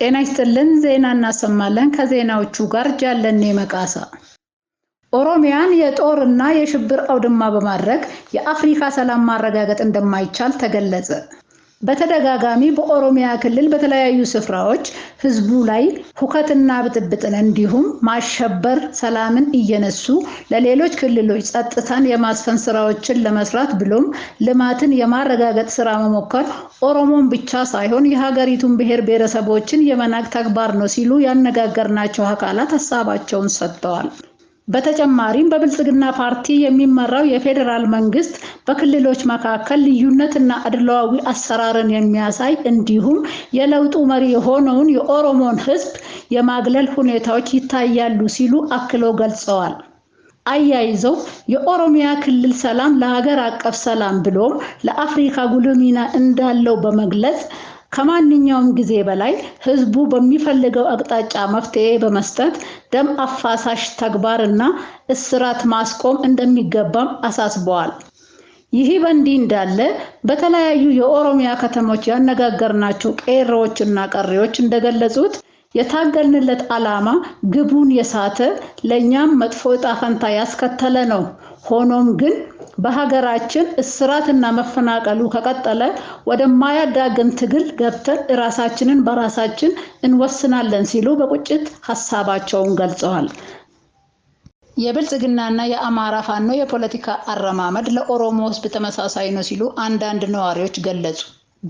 ጤና ይስጥልን። ዜና እናሰማለን። ከዜናዎቹ ጋር ጃለን መቃሳ። ኦሮሚያን የጦርና የሽብር አውድማ በማድረግ የአፍሪካ ሰላም ማረጋገጥ እንደማይቻል ተገለጸ። በተደጋጋሚ በኦሮሚያ ክልል በተለያዩ ስፍራዎች ህዝቡ ላይ ሁከትና ብጥብጥን እንዲሁም ማሸበር ሰላምን እየነሱ ለሌሎች ክልሎች ጸጥታን የማስፈን ስራዎችን ለመስራት ብሎም ልማትን የማረጋገጥ ስራ መሞከር ኦሮሞን ብቻ ሳይሆን የሀገሪቱን ብሔር ብሔረሰቦችን የመናቅ ተግባር ነው ሲሉ ያነጋገርናቸው አካላት ሀሳባቸውን ሰጥተዋል። በተጨማሪም በብልጽግና ፓርቲ የሚመራው የፌዴራል መንግስት በክልሎች መካከል ልዩነትና አድለዋዊ አሰራርን የሚያሳይ እንዲሁም የለውጡ መሪ የሆነውን የኦሮሞን ህዝብ የማግለል ሁኔታዎች ይታያሉ ሲሉ አክለው ገልጸዋል። አያይዘው የኦሮሚያ ክልል ሰላም ለሀገር አቀፍ ሰላም ብሎም ለአፍሪካ ጉልህ ሚና እንዳለው በመግለጽ ከማንኛውም ጊዜ በላይ ህዝቡ በሚፈልገው አቅጣጫ መፍትሄ በመስጠት ደም አፋሳሽ ተግባርና እስራት ማስቆም እንደሚገባም አሳስበዋል። ይህ በእንዲህ እንዳለ በተለያዩ የኦሮሚያ ከተሞች ያነጋገርናቸው እና ቀሪዎች እንደገለጹት የታገልንለት ዓላማ ግቡን የሳተ ለእኛም መጥፎ እጣፈንታ ፈንታ ያስከተለ ነው። ሆኖም ግን በሀገራችን እስራትና መፈናቀሉ ከቀጠለ ወደማያዳግም ትግል ገብተን ራሳችንን በራሳችን እንወስናለን ሲሉ በቁጭት ሀሳባቸውን ገልጸዋል። የብልጽግናና የአማራ ፋኖ የፖለቲካ አረማመድ ለኦሮሞ ህዝብ ተመሳሳይ ነው ሲሉ አንዳንድ ነዋሪዎች ገለጹ።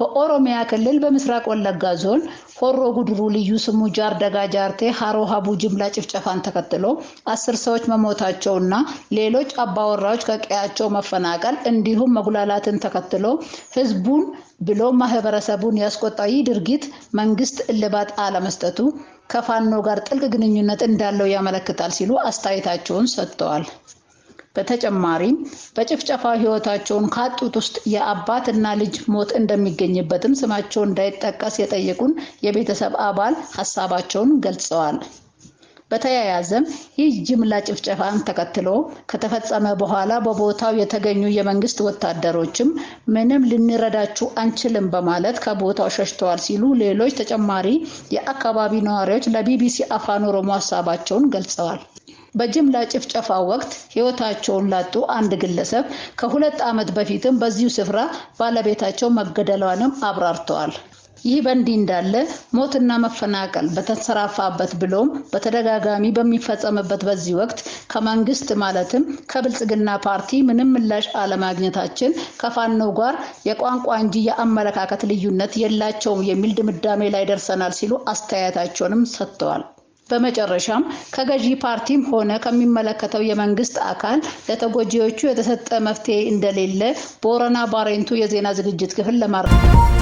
በኦሮሚያ ክልል በምስራቅ ወለጋ ዞን ሆሮ ጉድሩ ልዩ ስሙ ጃር ደጋ ጃርቴ ሀሮ ሀቡ ጅምላ ጭፍጨፋን ተከትሎ አስር ሰዎች መሞታቸውና ሌሎች አባወራዎች ከቀያቸው መፈናቀል እንዲሁም መጉላላትን ተከትሎ ህዝቡን ብሎ ማህበረሰቡን ያስቆጣው ይህ ድርጊት መንግስት እልባት አለመስጠቱ ከፋኖ ጋር ጥልቅ ግንኙነት እንዳለው ያመለክታል ሲሉ አስተያየታቸውን ሰጥተዋል። በተጨማሪም በጭፍጨፋ ህይወታቸውን ካጡት ውስጥ የአባት ልጅ ሞት እንደሚገኝበትም ስማቸው እንዳይጠቀስ የጠየቁን የቤተሰብ አባል ሀሳባቸውን ገልጸዋል። በተያያዘም ይህ ጅምላ ጭፍጨፋን ተከትሎ ከተፈጸመ በኋላ በቦታው የተገኙ የመንግስት ወታደሮችም ምንም ልንረዳችሁ አንችልም በማለት ከቦታው ሸሽተዋል ሲሉ ሌሎች ተጨማሪ የአካባቢ ነዋሪዎች ለቢቢሲ አፋን ኦሮሞ ሀሳባቸውን ገልጸዋል። በጅምላ ጭፍጨፋ ወቅት ህይወታቸውን ላጡ አንድ ግለሰብ ከሁለት ዓመት በፊትም በዚሁ ስፍራ ባለቤታቸው መገደሏንም አብራርተዋል። ይህ በእንዲህ እንዳለ ሞትና መፈናቀል በተንሰራፋበት ብሎም በተደጋጋሚ በሚፈጸምበት በዚህ ወቅት ከመንግስት ማለትም ከብልጽግና ፓርቲ ምንም ምላሽ አለማግኘታችን ከፋኖ ጋር የቋንቋ እንጂ የአመለካከት ልዩነት የላቸውም የሚል ድምዳሜ ላይ ደርሰናል ሲሉ አስተያየታቸውንም ሰጥተዋል። በመጨረሻም ከገዢ ፓርቲም ሆነ ከሚመለከተው የመንግስት አካል ለተጎጂዎቹ የተሰጠ መፍትሄ እንደሌለ ቦረና ባሬንቱ የዜና ዝግጅት ክፍል ለማረ